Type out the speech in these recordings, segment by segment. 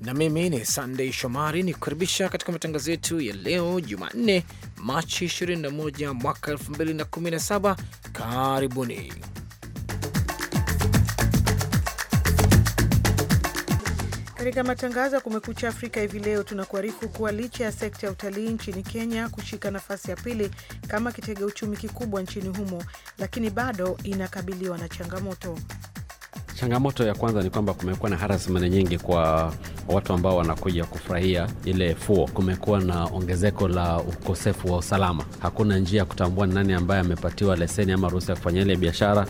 na mimi ni sandey Shomari ni kukaribisha katika matangazo yetu ya leo Jumanne, Machi 21 mwaka 2017. Karibuni katika matangazo ya Kumekucha Afrika. Hivi leo tunakuarifu kuwa licha ya sekta ya utalii nchini Kenya kushika nafasi ya pili kama kitega uchumi kikubwa nchini humo, lakini bado inakabiliwa na changamoto Changamoto ya kwanza ni kwamba kumekuwa na harassment nyingi kwa watu ambao wanakuja kufurahia ile fuo. Kumekuwa na ongezeko la ukosefu wa usalama, hakuna njia ya kutambua ni nani ambaye amepatiwa leseni ama ruhusa ya kufanya ile biashara.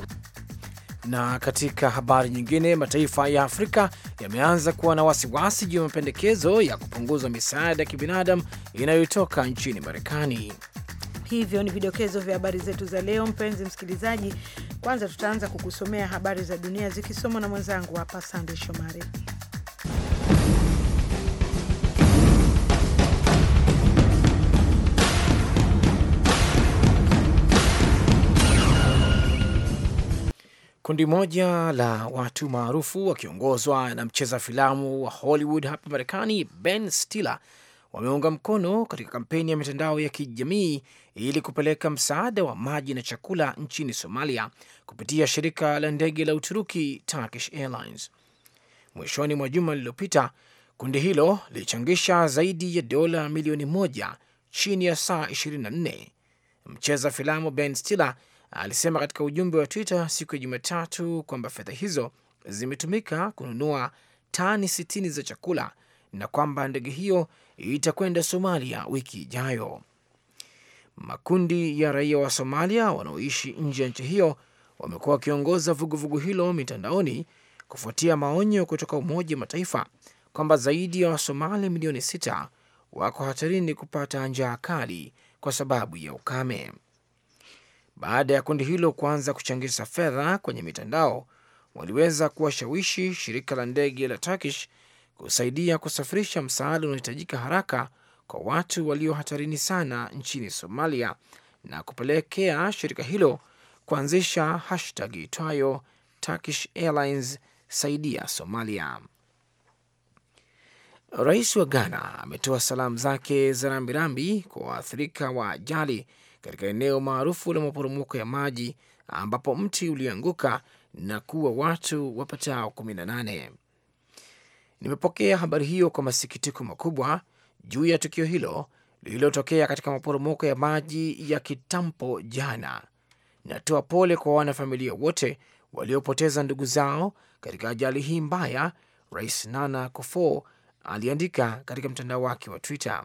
Na katika habari nyingine, mataifa ya Afrika yameanza kuwa na wasiwasi juu ya mapendekezo ya kupunguza misaada ya kibinadamu inayotoka nchini Marekani. Hivyo ni vidokezo vya habari zetu za leo, mpenzi msikilizaji. Kwanza tutaanza kukusomea habari za dunia zikisomwa na mwenzangu hapa Sande Shomari. Kundi moja la watu maarufu wakiongozwa na mcheza filamu wa Hollywood hapa Marekani, Ben Stiller, wameunga mkono katika kampeni ya mitandao ya kijamii ili kupeleka msaada wa maji na chakula nchini Somalia kupitia shirika la ndege la Uturuki Turkish Airlines. Mwishoni mwa juma lililopita, kundi hilo lilichangisha zaidi ya dola milioni moja chini ya saa 24. Mcheza filamu Ben Stiller alisema katika ujumbe wa Twitter siku ya Jumatatu kwamba fedha hizo zimetumika kununua tani 60 za chakula na kwamba ndege hiyo itakwenda Somalia wiki ijayo. Makundi ya raia wa Somalia wanaoishi nje ya nchi hiyo wamekuwa wakiongoza vuguvugu hilo mitandaoni kufuatia maonyo kutoka Umoja wa Mataifa kwamba zaidi ya Wasomali milioni sita wako hatarini kupata njaa kali kwa sababu ya ukame. Baada ya kundi hilo kuanza kuchangisha fedha kwenye mitandao, waliweza kuwashawishi shirika la ndege la Turkish kusaidia kusafirisha msaada unaohitajika haraka kwa watu walio hatarini sana nchini Somalia na kupelekea shirika hilo kuanzisha hashtag itwayo Turkish Airlines saidia Somalia. Rais wa Ghana ametoa salamu zake za rambirambi kwa waathirika wa ajali katika eneo maarufu la maporomoko ya maji ambapo mti ulianguka na kuwa watu wapatao 18. Nimepokea habari hiyo kwa masikitiko makubwa juu ya tukio hilo lililotokea katika maporomoko ya maji ya Kitampo jana. Natoa pole kwa wanafamilia wote waliopoteza ndugu zao katika ajali hii mbaya, Rais Nana Akufo aliandika katika mtandao wake wa Twitter.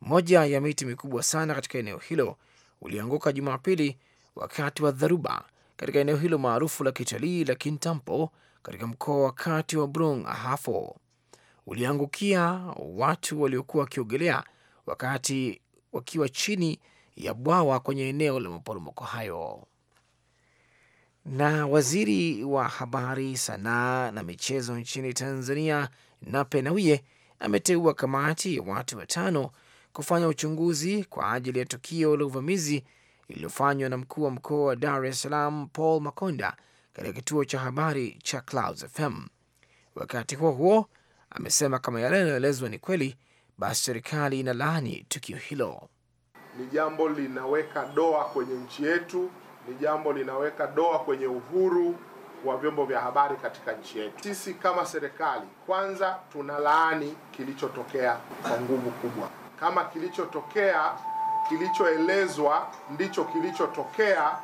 Moja ya miti mikubwa sana katika eneo hilo ulianguka Jumapili wakati wa dharuba katika eneo hilo maarufu la kitalii la Kintampo katika mkoa wa kati wa Brong Ahafo uliangukia watu waliokuwa wakiogelea wakati wakiwa chini ya bwawa kwenye eneo la maporomoko hayo. Na waziri wa habari, sanaa na michezo nchini Tanzania Nape Nnauye ameteua kamati ya watu watano kufanya uchunguzi kwa ajili ya tukio la uvamizi lililofanywa na mkuu wa mkoa wa Dar es Salaam Paul Makonda katika kituo cha habari cha Clouds FM. Wakati huo huo, amesema kama yale yanayoelezwa ni kweli, basi serikali inalaani tukio hilo. Ni jambo linaweka doa kwenye nchi yetu, ni jambo linaweka doa kwenye uhuru wa vyombo vya habari katika nchi yetu. Sisi kama serikali, kwanza tunalaani kilichotokea kwa nguvu kubwa. Kama kilichotokea kilichoelezwa ndicho kilichotokea,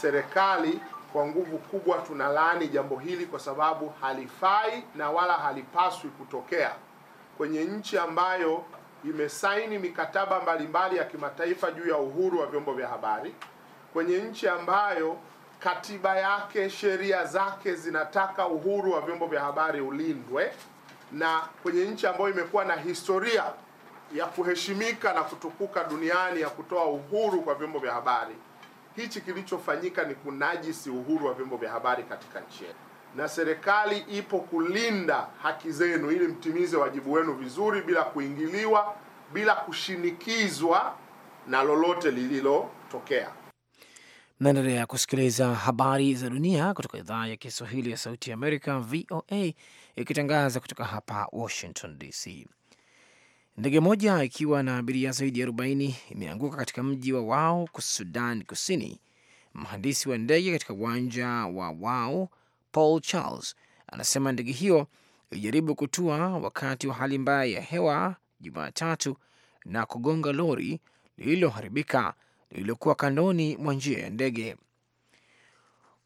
serikali kwa nguvu kubwa tunalaani jambo hili kwa sababu halifai na wala halipaswi kutokea kwenye nchi ambayo imesaini mikataba mbalimbali ya kimataifa juu ya uhuru wa vyombo vya habari, kwenye nchi ambayo katiba yake, sheria zake zinataka uhuru wa vyombo vya habari ulindwe, na kwenye nchi ambayo imekuwa na historia ya kuheshimika na kutukuka duniani ya kutoa uhuru kwa vyombo vya habari hichi kilichofanyika ni kunajisi uhuru wa vyombo vya habari katika nchi yetu, na serikali ipo kulinda haki zenu ili mtimize wajibu wenu vizuri, bila kuingiliwa, bila kushinikizwa na lolote lililotokea. naendelea kusikiliza habari za dunia kutoka idhaa ya Kiswahili ya Sauti ya Amerika, VOA, ikitangaza kutoka hapa Washington DC. Ndege moja ikiwa na abiria zaidi ya 40 imeanguka katika mji wa wao Sudan Kusini. Mhandisi wa ndege katika uwanja wa wao Paul Charles, anasema ndege hiyo ilijaribu kutua wakati wa hali mbaya ya hewa Jumatatu na kugonga lori lililoharibika lililokuwa kandoni mwa njia ya ndege.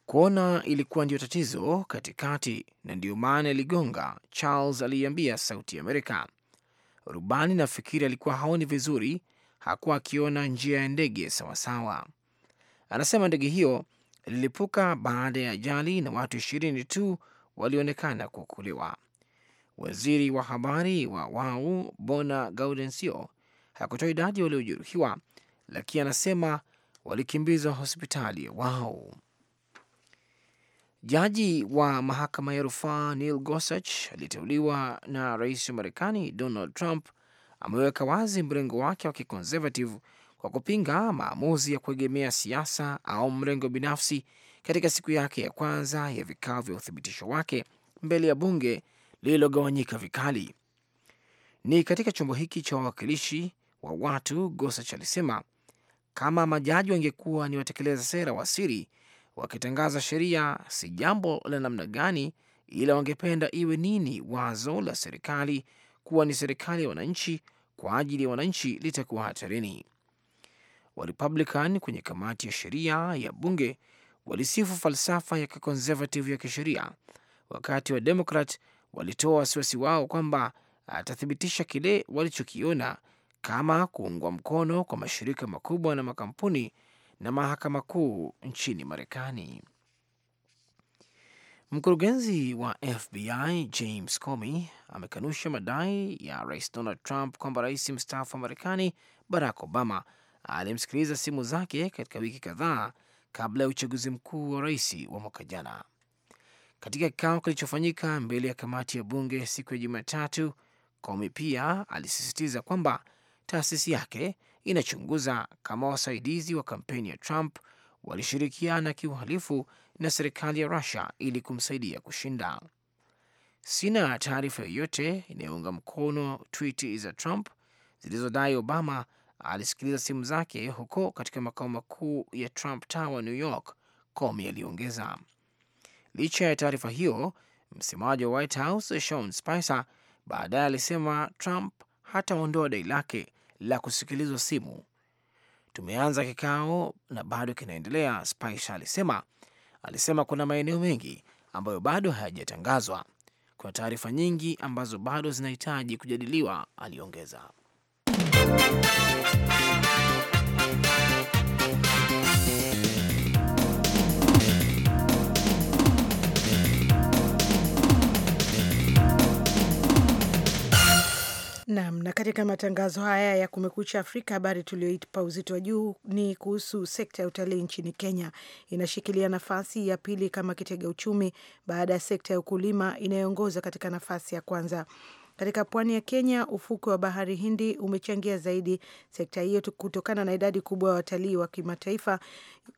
Kuona ilikuwa ndio tatizo katikati na ndio maana iligonga, Charles aliiambia Sauti Amerika. Rubani nafikiri alikuwa haoni vizuri, hakuwa akiona njia ya ndege sawasawa. Anasema ndege hiyo ililipuka baada ya ajali na watu ishirini tu walionekana kuokolewa. Waziri wa habari wa Wau Bona Gaudensio hakutoa idadi waliojeruhiwa, lakini anasema walikimbizwa hospitali ya Wau. Jaji wa mahakama ya rufaa Neil Gorsuch aliyeteuliwa na rais wa Marekani Donald Trump ameweka wazi mrengo wake wa kiconservative kwa kupinga maamuzi ya kuegemea siasa au mrengo binafsi katika siku yake ya kwanza ya vikao vya uthibitisho wake mbele ya bunge lililogawanyika vikali. Ni katika chombo hiki cha wawakilishi wa watu, Gorsuch alisema, kama majaji wangekuwa ni watekeleza sera wa siri wakitangaza sheria si jambo la namna gani, ila wangependa iwe nini. Wazo la serikali kuwa ni serikali ya wananchi kwa ajili ya wananchi litakuwa hatarini. Warepublican kwenye kamati ya sheria ya bunge walisifu falsafa ya kiconservative ya kisheria, wakati wa Demokrat walitoa wasiwasi wao kwamba atathibitisha kile walichokiona kama kuungwa mkono kwa mashirika makubwa na makampuni na mahakama kuu nchini Marekani. Mkurugenzi wa FBI James Comey amekanusha madai ya Rais Donald Trump kwamba rais mstaafu wa Marekani Barack Obama alimsikiliza simu zake katika wiki kadhaa kabla ya uchaguzi mkuu wa rais wa mwaka jana. Katika kikao kilichofanyika mbele ya kamati ya bunge siku ya Jumatatu, Comey pia alisisitiza kwamba taasisi yake inachunguza kama wasaidizi wa kampeni ya Trump walishirikiana kiuhalifu na serikali ya Rusia ili kumsaidia kushinda. Sina taarifa yoyote inayounga mkono twiti za Trump zilizodai Obama alisikiliza simu zake huko katika makao makuu ya Trump Tower, New York, Comey aliongeza. Licha ya taarifa hiyo, msemaji wa White House Sean Spicer baadaye alisema Trump hataondoa dai lake la kusikilizwa simu. Tumeanza kikao na bado kinaendelea, Spicer alisema. Alisema kuna maeneo mengi ambayo bado hayajatangazwa. Kuna taarifa nyingi ambazo bado zinahitaji kujadiliwa, aliongeza. Nam. Na katika matangazo haya ya Kumekucha Afrika, habari tulioipa uzito wa juu ni kuhusu sekta ya utalii nchini Kenya. Inashikilia nafasi ya pili kama kitega uchumi baada ya sekta ya ukulima inayoongoza katika nafasi ya kwanza. Katika pwani ya Kenya, ufukwe wa bahari Hindi umechangia zaidi sekta hiyo kutokana na idadi kubwa ya watalii wa kimataifa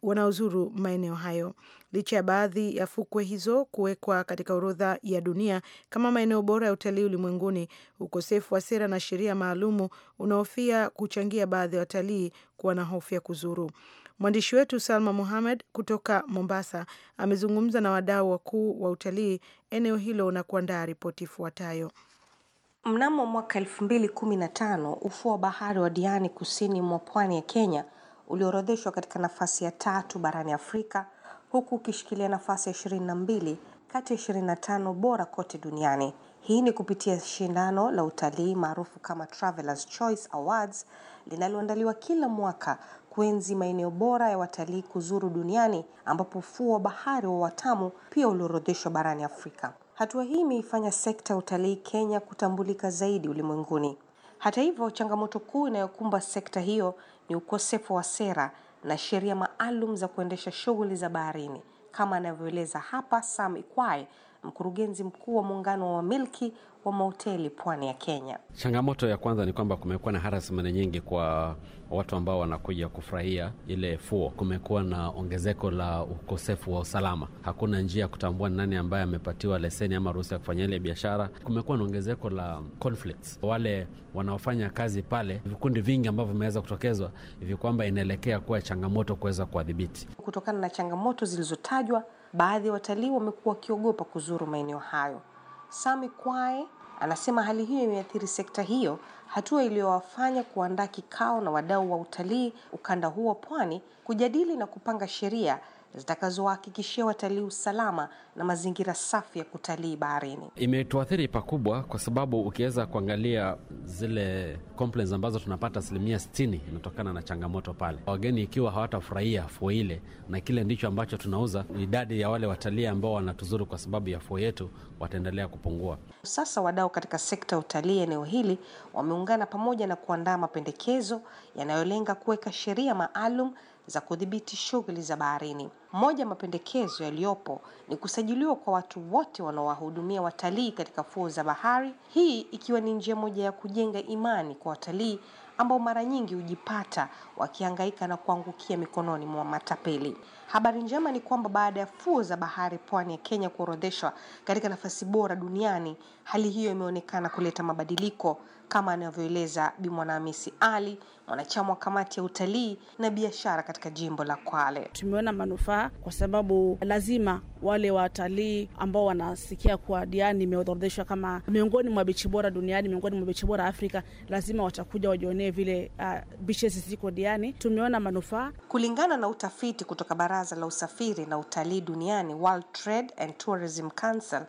wanaozuru maeneo hayo licha ya baadhi ya fukwe hizo kuwekwa katika orodha ya dunia kama maeneo bora ya utalii ulimwenguni, ukosefu wa sera na sheria maalumu unaofia kuchangia baadhi ya watalii kuwa na hofu ya kuzuru. Mwandishi wetu Salma muhamed kutoka Mombasa amezungumza na wadau wakuu wa utalii eneo hilo na kuandaa ripoti ifuatayo. Mnamo mwaka elfu mbili kumi na tano ufuo wa bahari wa Diani kusini mwa pwani ya Kenya uliorodheshwa katika nafasi ya tatu barani Afrika huku ukishikilia nafasi ya 22 kati ya 25 bora kote duniani. Hii ni kupitia shindano la utalii maarufu kama Travelers Choice Awards linaloandaliwa kila mwaka kuenzi maeneo bora ya watalii kuzuru duniani ambapo ufuo wa bahari wa Watamu pia uliorodheshwa barani Afrika. Hatua hii imeifanya sekta ya utalii Kenya kutambulika zaidi ulimwenguni. Hata hivyo, changamoto kuu inayokumba sekta hiyo ni ukosefu wa sera na sheria maalum za kuendesha shughuli za baharini kama anavyoeleza hapa Sam Ikwaye mkurugenzi mkuu wa muungano wa milki wa mahoteli pwani ya Kenya. Changamoto ya kwanza ni kwamba kumekuwa na harassment nyingi kwa watu ambao wanakuja kufurahia ile fuo. Kumekuwa na ongezeko la ukosefu wa usalama, hakuna njia ya kutambua ni nani ambaye amepatiwa leseni ama ruhusa ya kufanya ile biashara. Kumekuwa na ongezeko la conflicts, wale wanaofanya kazi pale, vikundi vingi ambavyo vimeweza kutokezwa hivi kwamba inaelekea kuwa changamoto kuweza kuwadhibiti. Kutokana na changamoto zilizotajwa baadhi ya watalii wamekuwa wakiogopa kuzuru maeneo hayo. Sami Kwae anasema hali hiyo imeathiri sekta hiyo, hatua iliyowafanya kuandaa kikao na wadau wa utalii ukanda huo pwani kujadili na kupanga sheria zitakazowahakikishia watalii usalama na mazingira safi ya kutalii baharini. Imetuathiri pakubwa, kwa sababu ukiweza kuangalia zile complaints ambazo tunapata, asilimia 60 inatokana na changamoto pale. Wageni ikiwa hawatafurahia fuo ile, na kile ndicho ambacho tunauza, idadi ya wale watalii ambao wanatuzuru kwa sababu ya fuo yetu wataendelea kupungua. Sasa wadau katika sekta ya utalii eneo hili wameungana pamoja na kuandaa mapendekezo yanayolenga kuweka sheria maalum za kudhibiti shughuli za baharini. Moja ya mapendekezo yaliyopo ni kusajiliwa kwa watu wote wanaowahudumia watalii katika fuo za bahari, hii ikiwa ni njia moja ya kujenga imani kwa watalii ambao mara nyingi hujipata wakihangaika na kuangukia mikononi mwa matapeli. Habari njema ni kwamba baada ya fuo za bahari pwani ya Kenya kuorodheshwa katika nafasi bora duniani, hali hiyo imeonekana kuleta mabadiliko kama anavyoeleza Bi Mwanahamisi Ali, mwanachama wa kamati ya utalii na biashara katika jimbo la Kwale. Tumeona manufaa kwa sababu lazima wale watalii ambao wanasikia kuwa Diani imeorodheshwa kama miongoni mwa bichi bora duniani, miongoni mwa bichi bora Afrika, lazima watakuja wajionee vile uh, biches ziko Diani. Tumeona manufaa kulingana na utafiti kutoka Baraza la Usafiri na Utalii Duniani, World Trade and Tourism Council.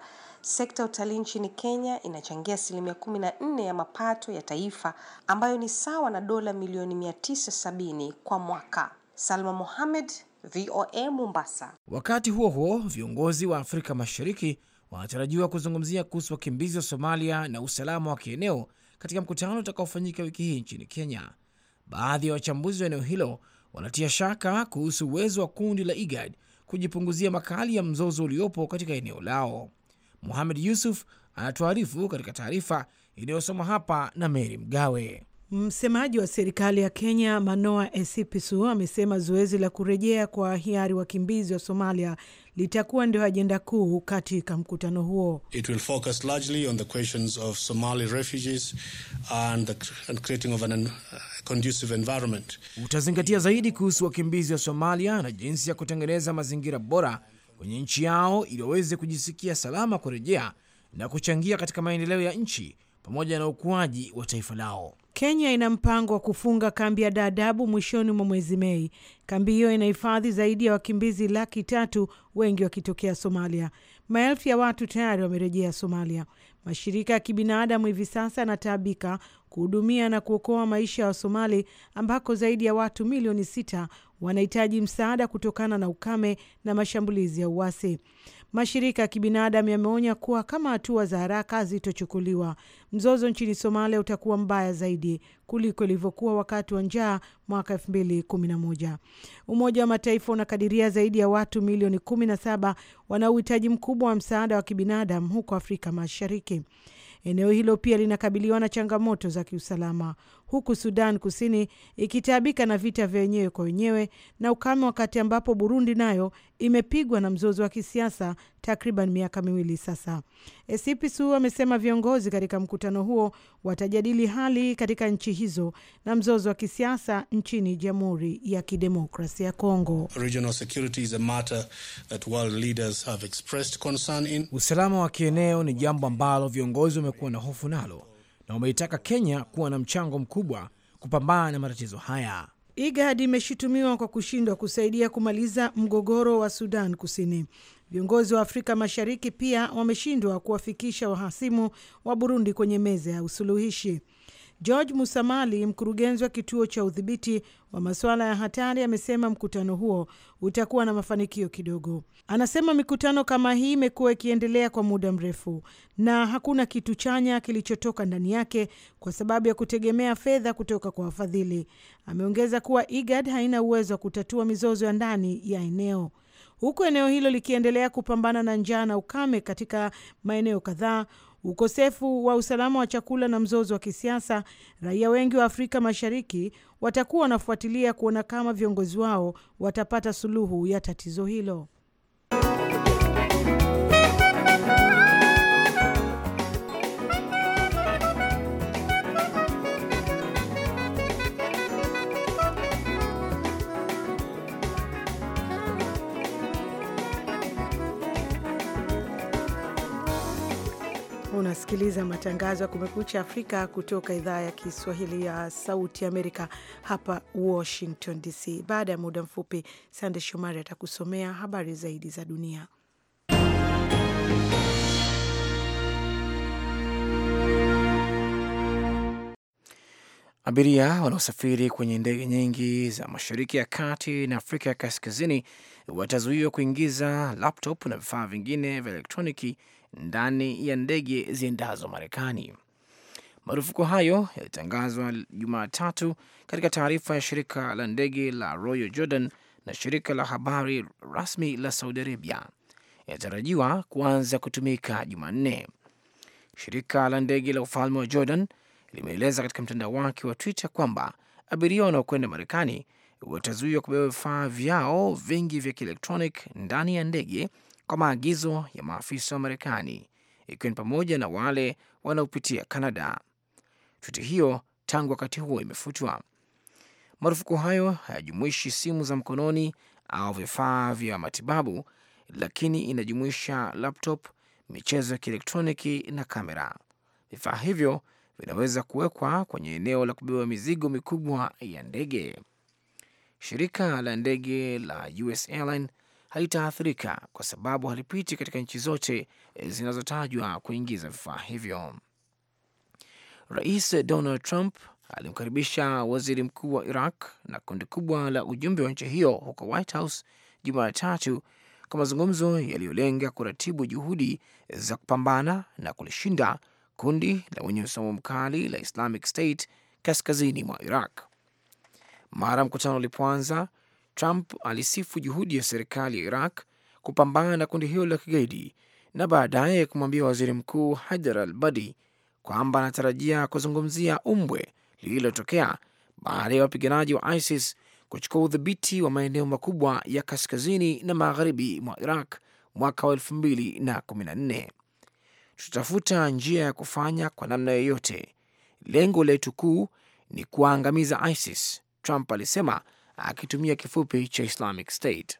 Sekta ya utalii nchini Kenya inachangia asilimia kumi na nne ya mapato ya taifa ambayo ni sawa na dola milioni 970 kwa mwaka. Salma Mohamed, VOA Mombasa. Wakati huo huo, viongozi wa Afrika Mashariki wanatarajiwa kuzungumzia kuhusu wakimbizi wa Somalia na usalama wa kieneo katika mkutano utakaofanyika wiki hii nchini Kenya. Baadhi ya wachambuzi wa eneo hilo wanatia shaka kuhusu uwezo wa kundi la IGAD kujipunguzia makali ya mzozo uliopo katika eneo lao. Muhamed Yusuf anatuarifu katika taarifa inayosoma hapa na Meri Mgawe. Msemaji wa serikali ya Kenya Manoa Esipisu amesema zoezi la kurejea kwa hiari wakimbizi wa Somalia litakuwa ndio ajenda kuu katika mkutano huo. It will focus largely on the questions of Somali refugees and the creating of an uh, conducive environment. Utazingatia zaidi kuhusu wakimbizi wa Somalia na jinsi ya kutengeneza mazingira bora kwenye nchi yao ili waweze kujisikia salama kurejea na kuchangia katika maendeleo ya nchi pamoja na ukuaji wa taifa lao. Kenya ina mpango wa kufunga kambi ya dadabu mwishoni mwa mwezi Mei. Kambi hiyo inahifadhi zaidi ya wakimbizi laki tatu, wengi wakitokea Somalia. Maelfu ya watu tayari wamerejea Somalia. Mashirika ya kibinadamu hivi sasa yanataabika kuhudumia na kuokoa maisha ya wa Wasomali, ambako zaidi ya watu milioni sita wanahitaji msaada kutokana na ukame na mashambulizi ya uasi. Mashirika ya kibinadamu yameonya kuwa kama hatua za haraka hazitochukuliwa, mzozo nchini Somalia utakuwa mbaya zaidi kuliko ilivyokuwa wakati wa njaa mwaka elfu Umoja wa Mataifa unakadiria zaidi ya watu milioni kumi na saba wana uhitaji mkubwa wa msaada wa kibinadamu huko Afrika Mashariki. Eneo hilo pia linakabiliwa na changamoto za kiusalama huku Sudan Kusini ikitaabika na vita vya wenyewe kwa wenyewe na ukame, wakati ambapo Burundi nayo imepigwa na mzozo wa kisiasa takriban miaka miwili sasa. Esipisu amesema viongozi katika mkutano huo watajadili hali katika nchi hizo na mzozo wa kisiasa nchini Jamhuri ya Kidemokrasia ya Kongo. Usalama wa kieneo ni jambo ambalo viongozi wamekuwa na hofu nalo na wameitaka Kenya kuwa na mchango mkubwa kupambana na matatizo haya. IGAD imeshutumiwa kwa kushindwa kusaidia kumaliza mgogoro wa Sudan Kusini. Viongozi wa Afrika Mashariki pia wameshindwa kuwafikisha wahasimu wa Burundi kwenye meza ya usuluhishi. George Musamali, mkurugenzi wa kituo cha udhibiti wa masuala ya hatari, amesema mkutano huo utakuwa na mafanikio kidogo. Anasema mikutano kama hii imekuwa ikiendelea kwa muda mrefu na hakuna kitu chanya kilichotoka ndani yake kwa sababu ya kutegemea fedha kutoka kwa wafadhili. Ameongeza kuwa IGAD haina uwezo wa kutatua mizozo ya ndani ya eneo huku eneo hilo likiendelea kupambana na njaa na ukame katika maeneo kadhaa ukosefu wa usalama wa chakula na mzozo wa kisiasa, raia wengi wa Afrika Mashariki watakuwa wanafuatilia kuona kama viongozi wao watapata suluhu ya tatizo hilo. Unasikiliza matangazo ya Kumekucha Afrika kutoka idhaa ya Kiswahili ya Sauti Amerika hapa Washington DC. Baada ya muda mfupi, Sande Shomari atakusomea habari zaidi za dunia. Abiria wanaosafiri kwenye ndege nyingi za Mashariki ya Kati na Afrika ya Kaskazini watazuiwa kuingiza laptop na vifaa vingine vya elektroniki ndani ya ndege ziendazo Marekani. Marufuku hayo yalitangazwa Jumatatu katika taarifa ya shirika la ndege la Royal Jordan na shirika la habari rasmi la Saudi Arabia. Inatarajiwa kuanza kutumika Jumanne. Shirika la ndege la ufalme wa Jordan limeeleza katika mtandao wake wa Twitter kwamba abiria wanaokwenda Marekani watazuiwa kubeba vifaa vyao vingi vya kielektronic ndani ya ndege kwa maagizo ya maafisa wa Marekani, ikiwa ni pamoja na wale wanaopitia canada Twiti hiyo tangu wakati huo imefutwa. Marufuku hayo hayajumuishi simu za mkononi au vifaa vya matibabu, lakini inajumuisha laptop, michezo ya kielektroniki na kamera. Vifaa hivyo vinaweza kuwekwa kwenye eneo la kubeba mizigo mikubwa ya ndege. Shirika la ndege la US haitaathirika kwa sababu halipiti katika nchi zote eh, zinazotajwa kuingiza vifaa hivyo. Rais Donald Trump alimkaribisha waziri mkuu wa Iraq na kundi kubwa la ujumbe wa nchi hiyo huko White House Jumatatu kwa mazungumzo yaliyolenga kuratibu juhudi za kupambana na kulishinda kundi la wenye msimamo mkali la Islamic State kaskazini mwa Iraq. Mara mkutano ulipoanza, Trump alisifu juhudi ya serikali ya Iraq kupambana na kundi hilo la kigaidi na baadaye kumwambia waziri mkuu Haidar al Badi kwamba anatarajia kuzungumzia umbwe lililotokea baada ya wapiganaji wa ISIS kuchukua udhibiti wa maeneo makubwa ya kaskazini na magharibi mwa Iraq mwaka wa elfu mbili na kumi na nne. Tutatafuta njia ya kufanya kwa namna yoyote. Lengo letu kuu ni kuwaangamiza ISIS, Trump alisema akitumia kifupi cha Islamic State.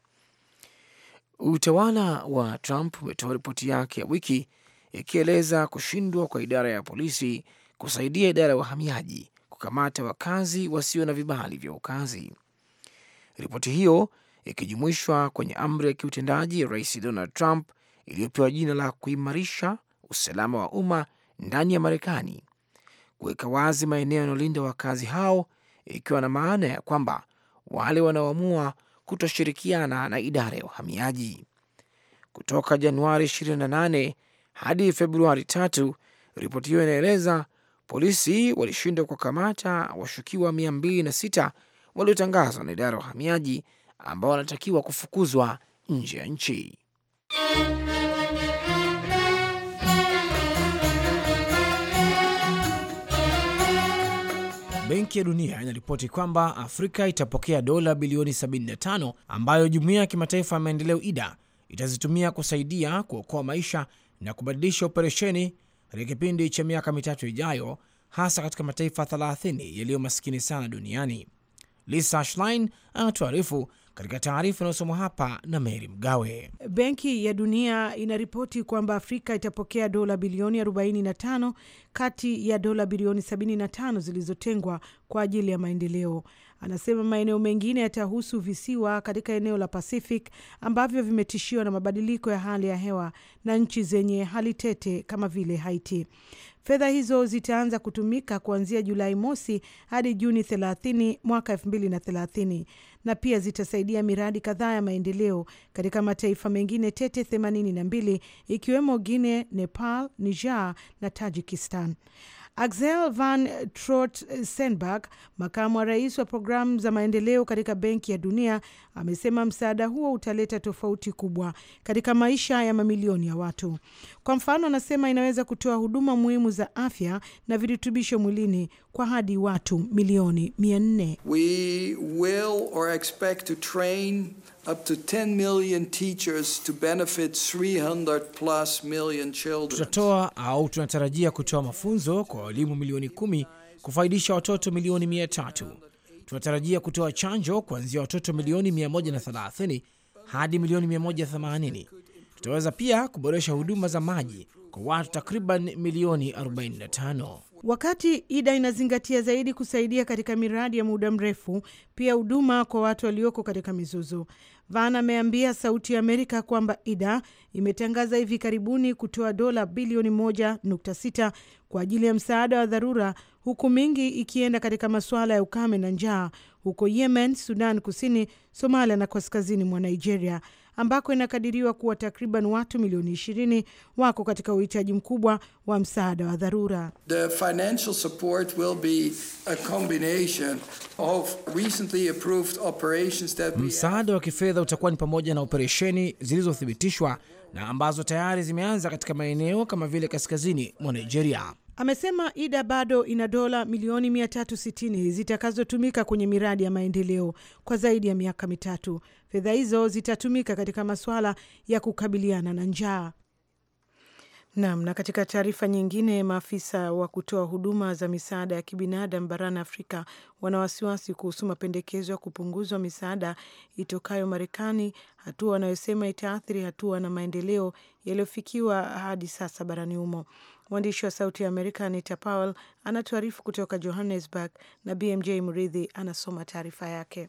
Utawala wa Trump umetoa ripoti yake ya wiki ikieleza kushindwa kwa idara ya polisi kusaidia idara ya uhamiaji kukamata wakazi wasio na vibali vya ukazi. Ripoti hiyo ikijumuishwa kwenye amri ya kiutendaji ya Rais Donald Trump iliyopewa jina la kuimarisha usalama wa umma ndani ya Marekani, kuweka wazi maeneo yanayolinda wakazi hao, ikiwa na maana ya kwamba wale wanaoamua kutoshirikiana na idara ya uhamiaji. Kutoka Januari 28 hadi Februari tatu, ripoti hiyo inaeleza polisi walishindwa kuwakamata washukiwa 206 waliotangazwa na idara ya uhamiaji ambao wanatakiwa kufukuzwa nje ya nchi. Benki ya Dunia inaripoti kwamba Afrika itapokea dola bilioni 75 ambayo jumuiya ya kimataifa ya maendeleo IDA itazitumia kusaidia kuokoa maisha na kubadilisha operesheni katika kipindi cha miaka mitatu ijayo, hasa katika mataifa 30 yaliyo masikini sana duniani. Lisa Schlein anatuarifu katika taarifa inayosomwa hapa na Meri Mgawe. Benki ya Dunia inaripoti kwamba Afrika itapokea dola bilioni 45 kati ya dola bilioni 75 zilizotengwa kwa ajili ya maendeleo Anasema maeneo mengine yatahusu visiwa katika eneo la Pacific ambavyo vimetishiwa na mabadiliko ya hali ya hewa na nchi zenye hali tete kama vile Haiti. Fedha hizo zitaanza kutumika kuanzia Julai mosi hadi Juni 30 mwaka 2030 na pia zitasaidia miradi kadhaa ya maendeleo katika mataifa mengine tete 82 ikiwemo Guinea, Nepal, Niger na Tajikistan. Axel van trot steenberg makamu wa rais wa programu za maendeleo katika Benki ya Dunia, amesema msaada huo utaleta tofauti kubwa katika maisha ya mamilioni ya watu. Kwa mfano, anasema inaweza kutoa huduma muhimu za afya na virutubisho mwilini kwa hadi watu milioni mia nne. We will or expect to train up to 10 million teachers to benefit 300 plus million children. Tutatoa au tunatarajia kutoa mafunzo kwa walimu milioni kumi kufaidisha watoto milioni mia tatu. Tunatarajia kutoa chanjo kuanzia watoto milioni 130 hadi milioni 180. Tutaweza pia kuboresha huduma za maji kwa watu takriban milioni 45. Wakati IDA inazingatia zaidi kusaidia katika miradi ya muda mrefu, pia huduma kwa watu walioko katika mizozo. Van ameambia Sauti ya Amerika kwamba IDA imetangaza hivi karibuni kutoa dola bilioni 1.6 kwa ajili ya msaada wa dharura, huku mingi ikienda katika masuala ya ukame na njaa huko Yemen, Sudan Kusini, Somalia na kaskazini mwa Nigeria ambako inakadiriwa kuwa takriban watu milioni 20 wako katika uhitaji mkubwa wa msaada wa dharura. The financial support will be a combination of recently approved operations that we... msaada wa kifedha utakuwa ni pamoja na operesheni zilizothibitishwa na ambazo tayari zimeanza katika maeneo kama vile kaskazini mwa Nigeria. Amesema IDA bado ina dola milioni 360 zitakazotumika kwenye miradi ya maendeleo kwa zaidi ya miaka mitatu. Fedha hizo zitatumika katika masuala ya kukabiliana na njaa. Nam. Na katika taarifa nyingine, maafisa wa kutoa huduma za misaada ya kibinadamu barani Afrika wana wasiwasi kuhusu mapendekezo ya kupunguzwa misaada itokayo Marekani, hatua wanayosema itaathiri hatua na maendeleo yaliyofikiwa hadi sasa barani humo. Mwandishi wa Sauti ya Amerika Anita Powell anatuarifu kutoka Johannesburg na BMJ Mridhi anasoma taarifa yake.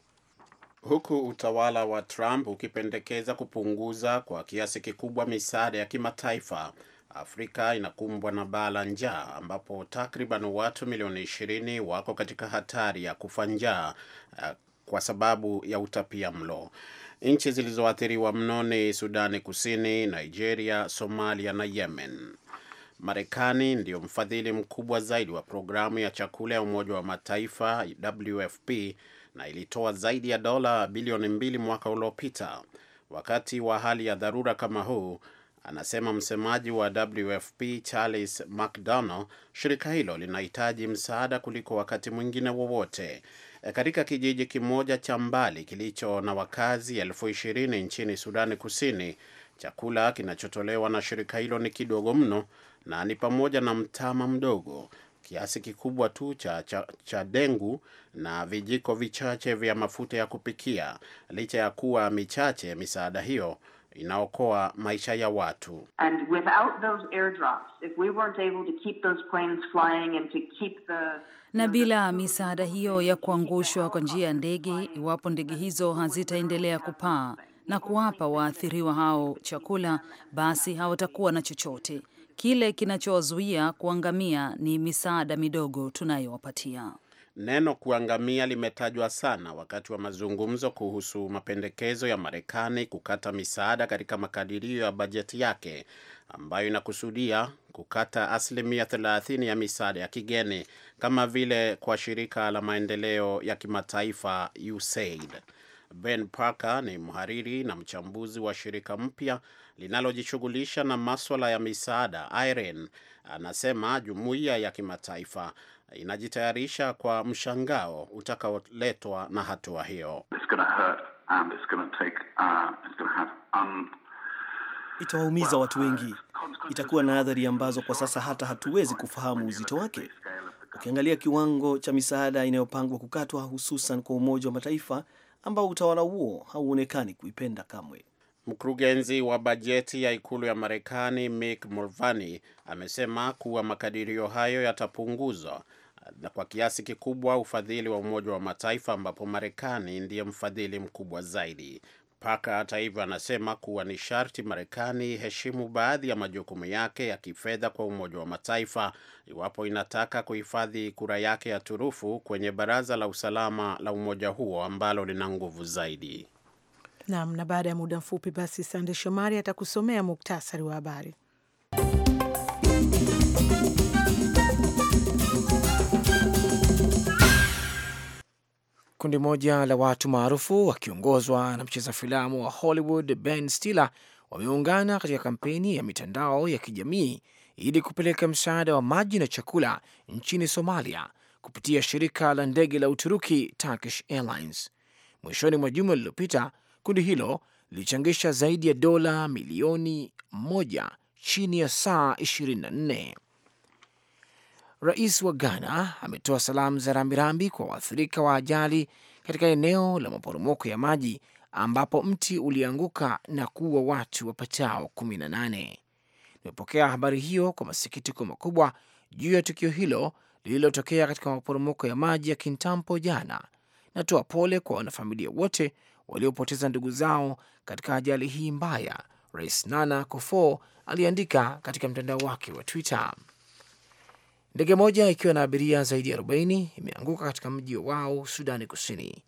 Huku utawala wa Trump ukipendekeza kupunguza kwa kiasi kikubwa misaada ya kimataifa Afrika inakumbwa na baa la njaa ambapo takriban watu milioni ishirini wako katika hatari ya kufa njaa eh, kwa sababu ya utapia mlo. Nchi zilizoathiriwa mno ni Sudani Kusini, Nigeria, Somalia na Yemen. Marekani ndiyo mfadhili mkubwa zaidi wa programu ya chakula ya Umoja wa Mataifa WFP na ilitoa zaidi ya dola bilioni mbili mwaka uliopita. Wakati wa hali ya dharura kama huu, anasema msemaji wa WFP Charles McDonnell, shirika hilo linahitaji msaada kuliko wakati mwingine wowote. E, katika kijiji kimoja cha mbali kilicho na wakazi elfu ishirini nchini Sudani Kusini, chakula kinachotolewa na shirika hilo ni kidogo mno, na ni pamoja na mtama mdogo kiasi kikubwa tu cha, cha, cha dengu na vijiko vichache vya mafuta ya kupikia, licha ya kuwa michache misaada hiyo inaokoa maisha ya watu. And without those airdrops, if we weren't able to keep those planes flying and to keep the na bila misaada hiyo ya kuangushwa kwa njia ya ndege, iwapo ndege hizo hazitaendelea kupaa na kuwapa waathiriwa hao chakula, basi hawatakuwa na chochote. Kile kinachowazuia kuangamia ni misaada midogo tunayowapatia. Neno kuangamia limetajwa sana wakati wa mazungumzo kuhusu mapendekezo ya Marekani kukata misaada katika makadirio ya bajeti yake ambayo inakusudia kukata asilimia 30 ya misaada ya kigeni kama vile kwa shirika la maendeleo ya kimataifa USAID. Ben Parker ni mhariri na mchambuzi wa shirika mpya linalojishughulisha na maswala ya misaada IREN. Anasema jumuiya ya kimataifa inajitayarisha kwa mshangao utakaoletwa na hatua hiyo. Uh, Itawaumiza watu wengi, itakuwa na athari ambazo kwa sasa hata hatuwezi kufahamu uzito wake. Ukiangalia kiwango cha misaada inayopangwa kukatwa, hususan kwa Umoja wa Mataifa ambao utawala huo hauonekani kuipenda kamwe. Mkurugenzi wa bajeti ya ikulu ya Marekani Mick Mulvaney amesema kuwa makadirio hayo yatapunguzwa na kwa kiasi kikubwa ufadhili wa Umoja wa Mataifa, ambapo Marekani ndiye mfadhili mkubwa zaidi. Paka hata hivyo, anasema kuwa ni sharti Marekani iheshimu baadhi ya majukumu yake ya kifedha kwa Umoja wa Mataifa iwapo inataka kuhifadhi kura yake ya turufu kwenye Baraza la Usalama la umoja huo ambalo lina nguvu zaidi. Naam, na baada ya muda mfupi basi Sande Shomari atakusomea muktasari wa habari. Kundi moja la watu maarufu wakiongozwa na mcheza filamu wa Hollywood Ben Stiller wameungana katika kampeni ya mitandao ya kijamii ili kupeleka msaada wa maji na chakula nchini Somalia kupitia shirika la ndege la Uturuki Turkish Airlines. Mwishoni mwa juma lililopita, kundi hilo lilichangisha zaidi ya dola milioni moja chini ya saa 24. Rais wa Ghana ametoa salamu za rambirambi kwa waathirika wa ajali katika eneo la maporomoko ya maji ambapo mti ulianguka na kuua watu wapatao 18. Nimepokea habari hiyo kwa masikitiko makubwa juu ya tukio hilo lililotokea katika maporomoko ya maji ya Kintampo jana. Natoa pole kwa wanafamilia wote waliopoteza ndugu zao katika ajali hii mbaya, Rais Nana Akufo aliandika katika mtandao wake wa Twitter. Ndege moja ikiwa na abiria zaidi ya 40 imeanguka katika mji wa Wau, Sudani Kusini.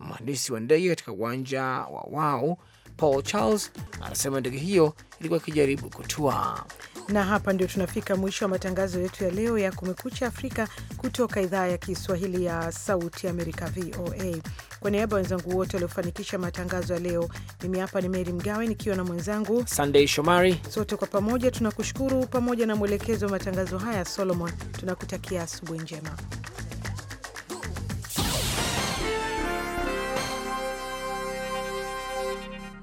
Mhandisi wa ndege katika uwanja wa Wau Paul Charles anasema ndege hiyo ilikuwa ikijaribu kutua. Na hapa ndio tunafika mwisho wa matangazo yetu ya leo ya Kumekucha Afrika kutoka idhaa ya Kiswahili ya Sauti Amerika, VOA. Kwa niaba ya wenzangu wote waliofanikisha matangazo ya leo, mimi hapa ni Meri Mgawe nikiwa na mwenzangu Sandei Shomari. Sote kwa pamoja tunakushukuru, pamoja na mwelekezo wa matangazo haya Solomon. Tunakutakia asubuhi njema.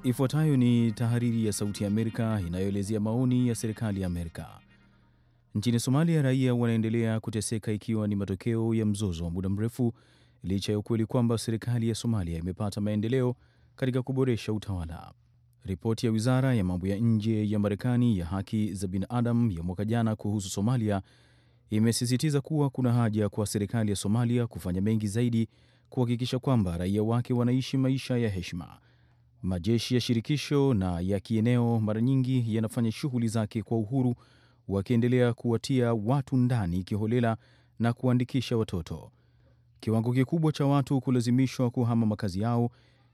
Ifuatayo ni tahariri ya Sauti ya Amerika inayoelezea maoni ya serikali ya Amerika. Nchini Somalia, raia wanaendelea kuteseka ikiwa ni matokeo ya mzozo wa muda mrefu, licha ya ukweli kwamba serikali ya Somalia imepata maendeleo katika kuboresha utawala. Ripoti ya wizara ya mambo ya nje ya Marekani ya haki za binadamu ya mwaka jana kuhusu Somalia imesisitiza kuwa kuna haja kwa serikali ya Somalia kufanya mengi zaidi kuhakikisha kwamba raia wake wanaishi maisha ya heshima Majeshi ya shirikisho na ya kieneo mara nyingi yanafanya shughuli zake kwa uhuru, wakiendelea kuwatia watu ndani kiholela na kuandikisha watoto. Kiwango kikubwa cha watu kulazimishwa kuhama makazi yao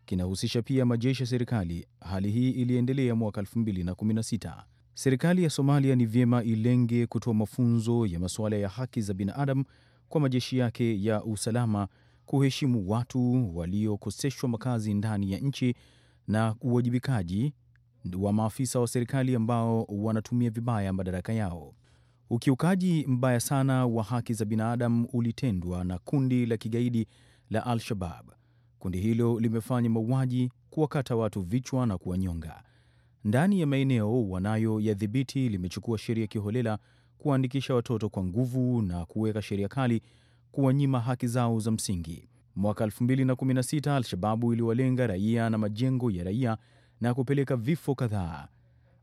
kinahusisha pia majeshi ya serikali. Hali hii iliendelea mwaka 2016. Serikali ya Somalia ni vyema ilenge kutoa mafunzo ya masuala ya haki za binadamu kwa majeshi yake ya usalama, kuheshimu watu waliokoseshwa makazi ndani ya nchi na uwajibikaji wa maafisa wa serikali ambao wanatumia vibaya madaraka yao. Ukiukaji mbaya sana wa haki za binadamu ulitendwa na kundi la kigaidi la Al-Shabab. Kundi hilo limefanya mauaji, kuwakata watu vichwa na kuwanyonga ndani ya maeneo wanayoyadhibiti. Limechukua sheria kiholela, kuwaandikisha watoto kwa nguvu na kuweka sheria kali kuwanyima haki zao za msingi. Mwaka 2016 Al-Shababu iliwalenga raia na majengo ya raia na kupeleka vifo kadhaa.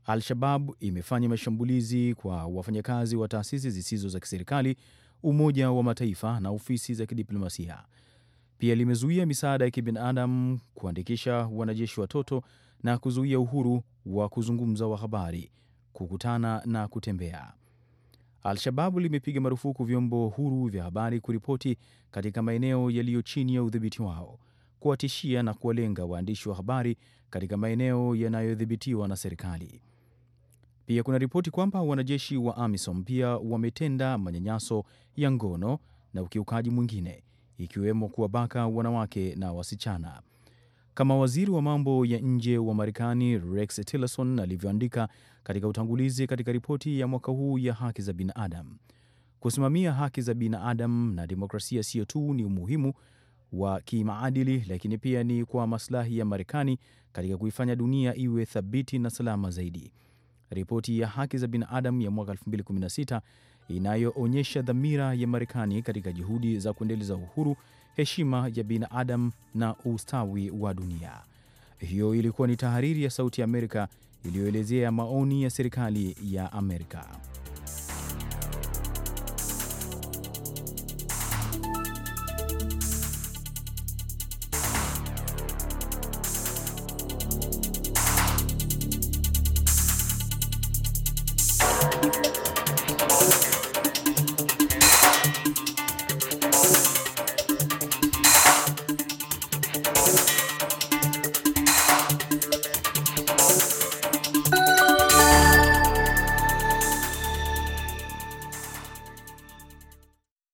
Al-Shabab imefanya mashambulizi kwa wafanyakazi wa taasisi zisizo za kiserikali, Umoja wa Mataifa na ofisi za kidiplomasia. Pia limezuia misaada ya kibinadamu, kuandikisha wanajeshi watoto na kuzuia uhuru wa kuzungumza wa habari, kukutana na kutembea. Al-Shababu limepiga marufuku vyombo huru vya habari kuripoti katika maeneo yaliyo chini ya udhibiti wao, kuwatishia na kuwalenga waandishi wa habari katika maeneo yanayodhibitiwa na serikali. Pia kuna ripoti kwamba wanajeshi wa AMISOM pia wametenda manyanyaso ya ngono na ukiukaji mwingine, ikiwemo kuwabaka wanawake na wasichana kama waziri wa mambo ya nje wa Marekani Rex Tillerson alivyoandika katika utangulizi katika ripoti ya mwaka huu ya haki za binadamu. Kusimamia haki za binadamu na demokrasia sio tu ni umuhimu wa kimaadili, lakini pia ni kwa maslahi ya Marekani katika kuifanya dunia iwe thabiti na salama zaidi. Ripoti ya haki za binadamu ya mwaka 2016 inayoonyesha dhamira ya Marekani katika juhudi za kuendeleza uhuru, heshima ya binadamu na ustawi wa dunia. Hiyo ilikuwa ni tahariri ya Sauti ya Amerika iliyoelezea maoni ya serikali ya Amerika.